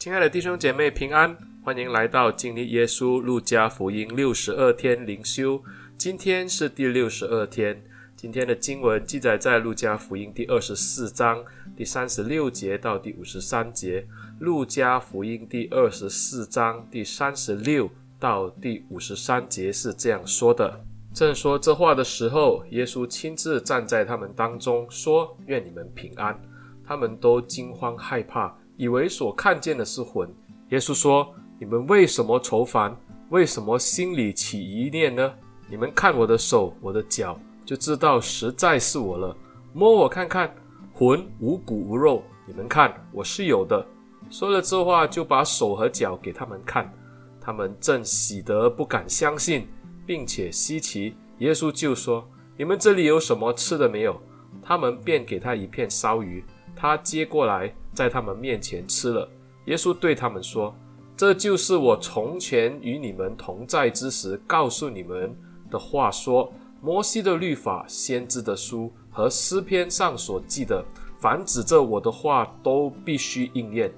親愛的弟兄姐妹，平安！歡迎來到《經歷耶穌·路加福音》六十二天靈修。今天是第六十二天。今天的經文記載在《路加福音》第二十四章第三十六節到第五十三節。《路加福音》第二十四章第三十六到第五十三節是這樣說的：正說這話的時候，耶穌親自站在他們當中，說：“願你們平安！”他們都驚慌害怕。以為所看見的是魂。耶穌說：“你們為什麼愁煩？為什麼心裡起疑念呢？你們看我的手、我的腳，就知道實在是我了。摸我看看，魂無骨無肉，你們看我是有的。”說了這話，就把手和腳給他們看。他們正喜得不敢相信，並且稀奇。耶穌就說：“你們這裡有什麼吃的沒有？”他們便給他一片燒魚。他接過來，在他們面前吃了。耶穌對他們說：“這就是我從前與你們同在之時告訴你們的話。說，摩西的律法、先知的書和詩篇上所記的，凡指着我的話，都必須應驗。”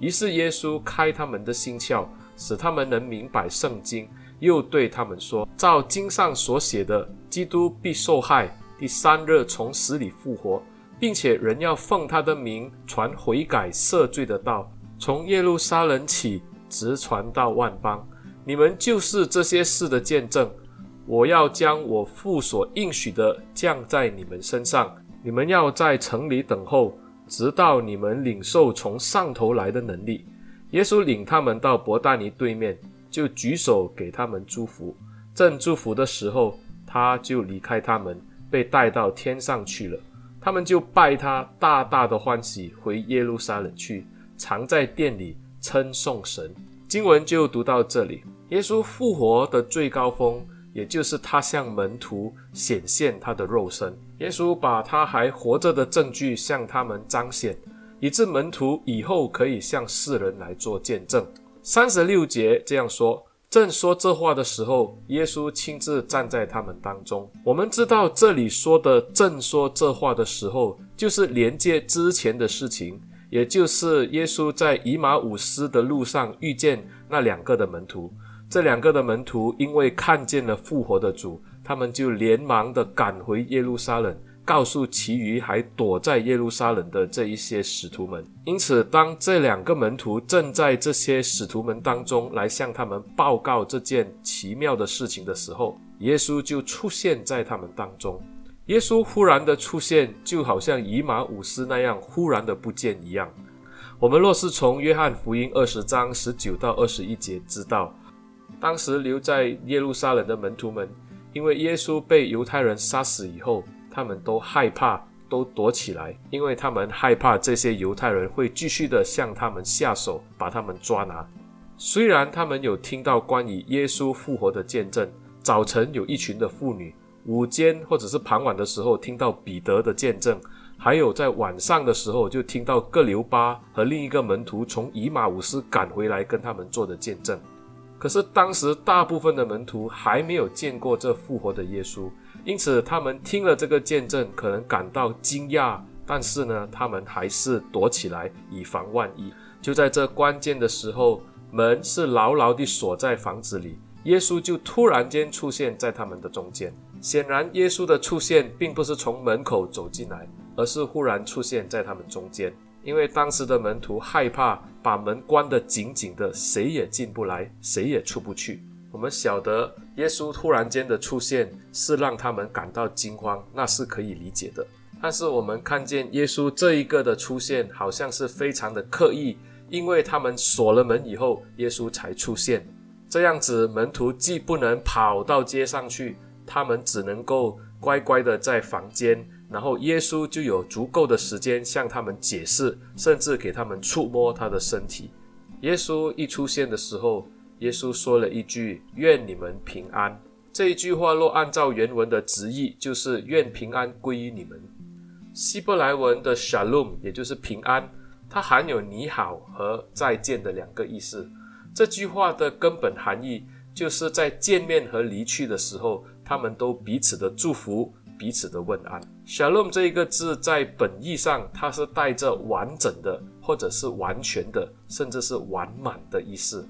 於是耶穌開他們的心竅，使他們能明白聖經。又對他們說：“照經上所寫的，基督必受害，第三日從死裡復活。”並且人要奉他的名傳悔改赦罪的道，從耶路撒冷起，直傳到萬邦。你們就是這些事的見證。我要將我父所應許的降在你們身上。你們要在城裡等候，直到你們領受從上頭來的能力。耶穌領他們到伯大尼對面，就舉手給他們祝福。正祝福的時候，他就離開他們，被帶到天上去了。他們就拜他，大大的歡喜，回耶路撒冷去，常在殿裡稱頌神。經文就讀到這裡。耶穌復活的最高峰，也就是他向門徒顯現他的肉身。耶穌把他還活着的證據向他們彰顯，以致門徒以後可以向世人來做見證。三十六節這樣說。正說這話的時候，耶穌親自站在他們當中。我們知道，這裡說的“正說這話的時候”，就是連接之前的事情，也就是耶穌在以馬忤斯的路上遇見那兩個的門徒。這兩個的門徒因為看見了復活的主，他們就連忙的趕回耶路撒冷。告訴其餘還躲在耶路撒冷的這一些使徒們。因此，當這兩個門徒正在這些使徒們當中來向他們報告這件奇妙的事情的時候，耶穌就出現在他們當中。耶穌忽然的出現，就好像以馬忤斯那樣忽然的不見一樣。我們若是從約翰福音二十章十九到二十一節知道，當時留在耶路撒冷的門徒們，因為耶穌被猶太人殺死以後。他們都害怕，都躲起來，因為他們害怕這些猶太人會繼續的向他們下手，把他們抓拿。雖然他們有聽到關於耶穌復活的見證，早晨有一群的婦女，午間或者是傍晚的時候聽到彼得的見證，還有在晚上的時候就聽到革流巴和另一個門徒從以馬忤斯趕回來跟他們做的見證。可是當時大部分的門徒還沒有見過這復活的耶穌。因此，他們聽了這個見證，可能感到驚訝，但是呢，他們還是躲起來以防萬一。就在這關鍵的時候，門是牢牢地鎖在房子裡，耶穌就突然間出現在他們的中間。顯然，耶穌的出現並不是從門口走進來，而是忽然出現在他們中間，因為當時的門徒害怕把門關得緊緊的，誰也進不來，誰也出不去。我們曉得。耶穌突然間的出現，是讓他們感到驚慌，那是可以理解的。但是我們看見耶穌這一個的出現，好像是非常的刻意，因為他們鎖了門以後，耶穌才出現。這樣子，門徒既不能跑到街上去，他們只能夠乖乖的在房間，然後耶穌就有足夠的時間向他們解釋，甚至給他們觸摸他的身體。耶穌一出現的時候，耶穌說了一句：“願你們平安。”這一句話若按照原文的直譯，就是“願平安歸於你們”。希伯來文的 shalom，也就是平安，它含有“你好”和“再見”的兩個意思。這句話的根本含義，就是在見面和離去的時候，他們都彼此的祝福，彼此的問安。shalom 這一個字，在本意上，它是帶着完整的，或者是完全的，甚至是完滿的意思。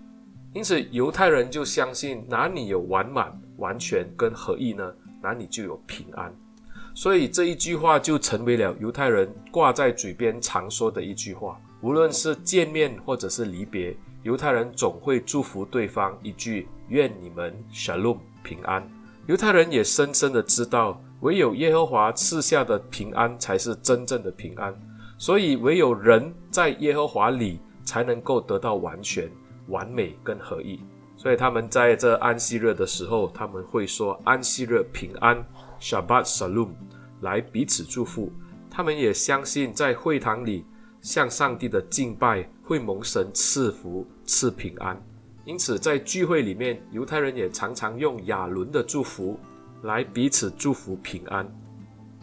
因此，猶太人就相信哪裡有完滿、完全跟合一呢，哪裡就有平安。所以這一句話就成為了猶太人掛在嘴邊、常說的一句話。無論是見面或者是離別，猶太人總會祝福對方一句：“願你們 Shalom 平安。”猶太人也深深的知道，唯有耶和華賜下的平安才是真正的平安。所以，唯有人在耶和華裡才能夠得到完全，完美跟合一，所以他們在這安息日的時候，他們會說安息日平安，Shabbat Shalom，來彼此祝福。他們也相信在會堂裡向上帝的敬拜會蒙神賜福賜平安。因此，在聚會裡面，猶太人也常常用亞倫的祝福來彼此祝福平安。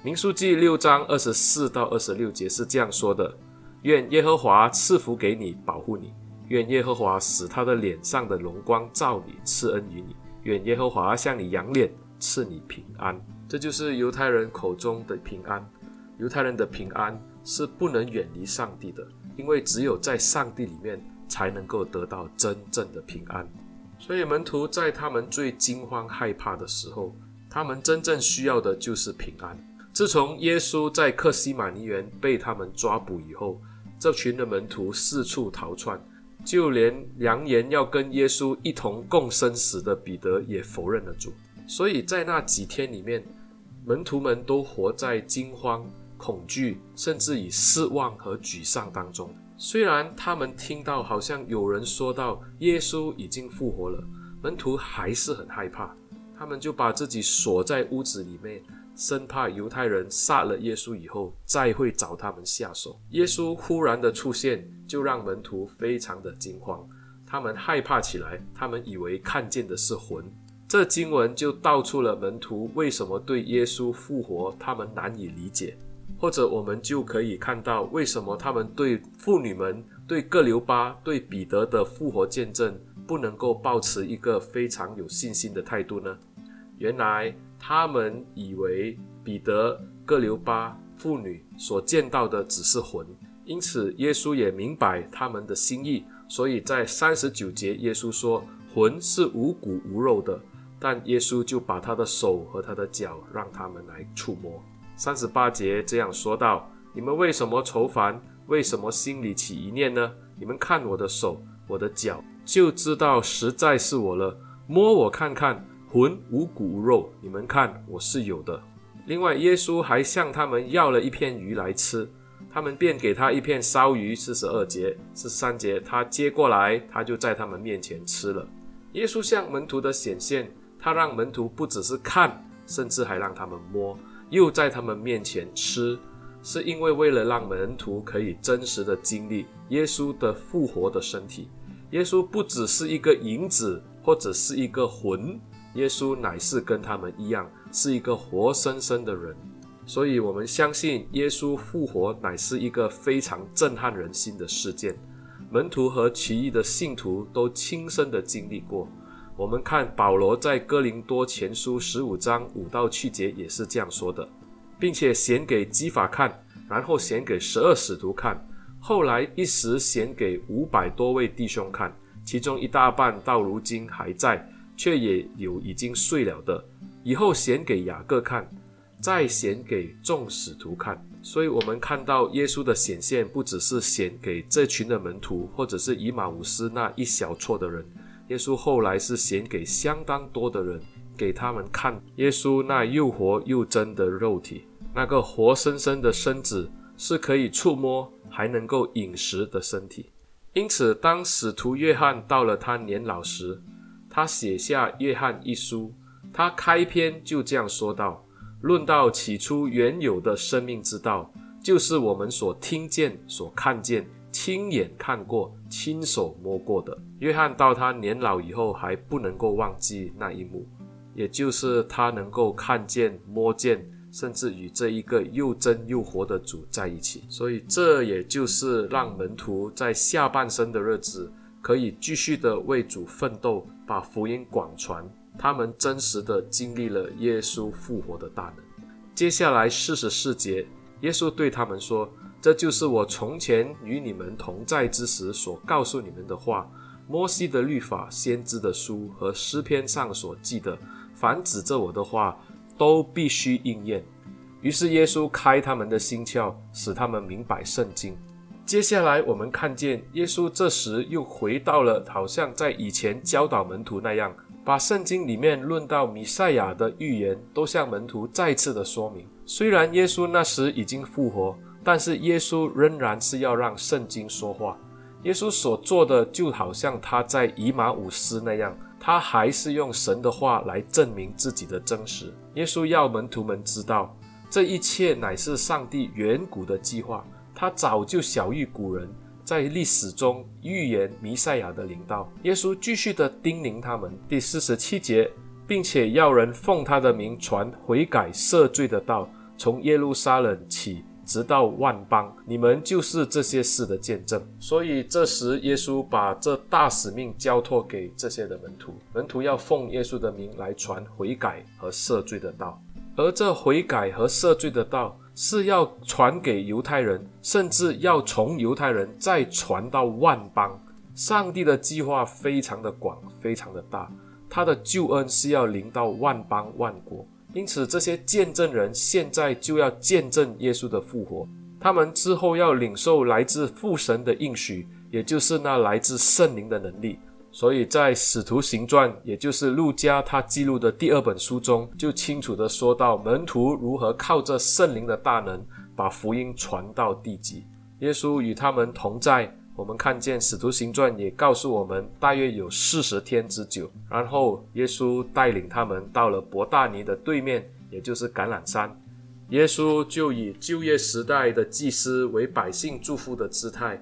民數記六章二十四到二十六節是這樣說的：願耶和華賜福給你，保護你。願耶和華使他的臉上的榮光照你，賜恩於你；願耶和華向你仰臉，賜你平安。這就是猶太人口中的平安。猶太人的平安是不能遠離上帝的，因為只有在上帝裡面才能夠得到真正的平安。所以門徒在他們最驚慌害怕的時候，他們真正需要的就是平安。自從耶穌在客西馬尼園被他們抓捕以後，這群的門徒四處逃竄。就連揚言要跟耶穌一同共生死的彼得也否認了主。所以在那幾天裡面，門徒們都活在驚慌、恐懼，甚至於失望和沮喪當中。雖然他們聽到好像有人說到耶穌已經復活了，門徒還是很害怕，他們就把自己鎖在屋子裡面。生怕猶太人殺了耶穌以後，再會找他們下手。耶穌忽然的出現，就讓門徒非常的驚慌，他們害怕起來。他們以為看見的是魂。這經文就道出了門徒為什麼對耶穌復活他們難以理解，或者我們就可以看到為什麼他們對婦女們、對革流巴、對彼得的復活見證不能夠保持一個非常有信心的態度呢？原來。他們以為彼得、革流巴、婦女所見到的只是魂，因此耶穌也明白他們的心意。所以在三十九節，耶穌說：“魂是無骨無肉的。”但耶穌就把他的手和他的腳讓他們來觸摸。三十八節這樣說道：“你們為什麼愁煩？為什麼心裡起疑念呢？你們看我的手、我的腳，就知道實在是我了。摸我看看。”魂無骨無肉，你們看，我是有的。另外，耶穌還向他們要了一片魚來吃，他們便給他一片燒魚，四十二節四十三節，他接過來，他就在他們面前吃了。耶穌向門徒的顯現，他讓門徒不只是看，甚至還讓他們摸，又在他們面前吃，是因為為了讓門徒可以真實的經歷耶穌的復活的身體。耶穌不只是一個影子，或者是一個魂。耶穌乃是跟他們一樣，是一個活生生的人，所以，我們相信耶穌復活乃是一個非常震撼人心的事件。門徒和其餘的信徒都親身的經歷過。我們看保羅在哥林多前書十五章五到七節也是這樣說的，並且顯給磯法看，然後顯給十二使徒看，後來一時顯給五百多位弟兄看，其中一大半到如今還在。卻也有已經睡了的，以後顯給雅各看，再顯給眾使徒看。所以，我們看到耶穌的顯現，不只是顯給這群的門徒，或者是以馬忤斯那一小撮的人。耶穌後來是顯給相當多的人，給他們看耶穌那又活又真的肉體，那個活生生的身子是可以觸摸，還能夠飲食的身體。因此，當使徒約翰到了他年老時，他寫下約翰一書，他開篇就這樣說道：“論到起初原有的生命之道，就是我們所聽見、所看見、親眼看過、親手摸過的。”約翰到他年老以後，還不能夠忘記那一幕，也就是他能夠看見、摸見，甚至與這一個又真又活的主在一起。所以，這也就是讓門徒在下半生的日子，可以繼續的為主奮鬥。把福音廣傳，他們真實的經歷了耶穌復活的大能。接下來四十四節，耶穌對他們說：“這就是我從前與你們同在之時所告訴你們的話，摩西的律法、先知的書和詩篇上所記的，凡指着我的話，都必須應驗。”於是耶穌開他們的心竅，使他們明白聖經。接下來，我們看見耶穌這時又回到了，好像在以前教導門徒那樣，把聖經裡面論到彌賽亞的預言都向門徒再次的說明。雖然耶穌那時已經復活，但是耶穌仍然是要讓聖經說話。耶穌所做的，就好像他在以馬忤斯那樣，他還是用神的話來證明自己的真實。耶穌要門徒們知道，這一切乃是上帝遠古的計劃。他早就曉喻古人，在歷史中預言彌賽亞的臨到。耶穌繼續的叮嚀他們，第四十七節，並且要人奉他的名傳悔改赦罪的道，從耶路撒冷起，直到萬邦，你們就是這些事的見證。所以這時，耶穌把這大使命交托給這些的門徒，門徒要奉耶穌的名來傳悔改和赦罪的道，而這悔改和赦罪的道，是要傳給猶太人，甚至要從猶太人再傳到萬邦。上帝的計劃非常的廣，非常的大。他的救恩是要臨到萬邦萬國，因此這些見證人現在就要見證耶穌的復活，他們之後要領受來自父神的應許，也就是那來自聖靈的能力。所以在《使徒行傳》，也就是路加他記錄的第二本書中，就清楚地說到門徒如何靠着聖靈的大能，把福音傳到地極。耶穌與他們同在，我們看見《使徒行傳》也告訴我們，大約有四十天之久。然後耶穌帶領他們到了伯大尼的對面，也就是橄欖山。耶穌就以舊約時代的祭司為百姓祝福的姿態。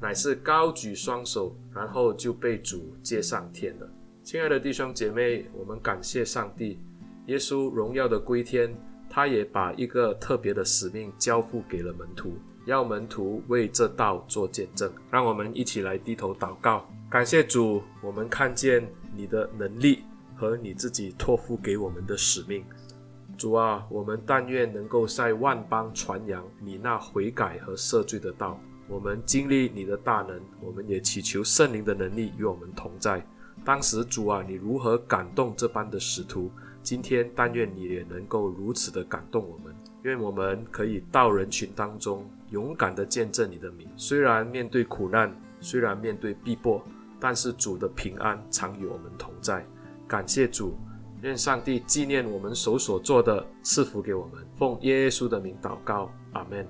乃是高舉雙手，然後就被主接上天了。親愛的弟兄姐妹，我們感謝上帝，耶穌榮耀的歸天，他也把一個特別的使命交付給了門徒，要門徒為這道做見證。讓我們一起來低頭禱告，感謝主，我們看見你的能力和你自己托付給我們的使命。主啊，我們但願能夠在萬邦傳揚你那悔改和赦罪的道。我們經歷你的大能，我們也祈求聖靈的能力與我們同在。當時主啊，你如何感動這般的使徒？今天但願你也能夠如此的感動我們，願我們可以到人群當中勇敢的見證你的名。雖然面對苦難，雖然面對逼迫，但是主的平安常與我們同在。感謝主，願上帝紀念我們手所做的，賜福給我們。奉耶穌的名禱告，阿門。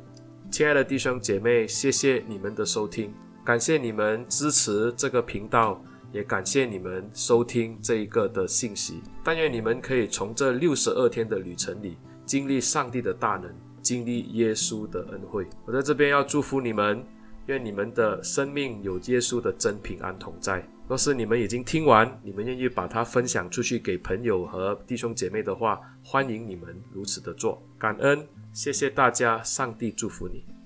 親愛的弟兄姐妹，謝謝你們的收聽，感謝你們支持這個頻道，也感謝你們收聽這一個的信息。但願你們可以從這六十二天的旅程裡經歷上帝的大能，經歷耶穌的恩惠。我在這邊要祝福你們，願你們的生命有耶穌的真平安同在。若是你們已經聽完，你們願意把它分享出去給朋友和弟兄姐妹的話，歡迎你們如此的做，感恩，謝謝大家，上帝祝福你。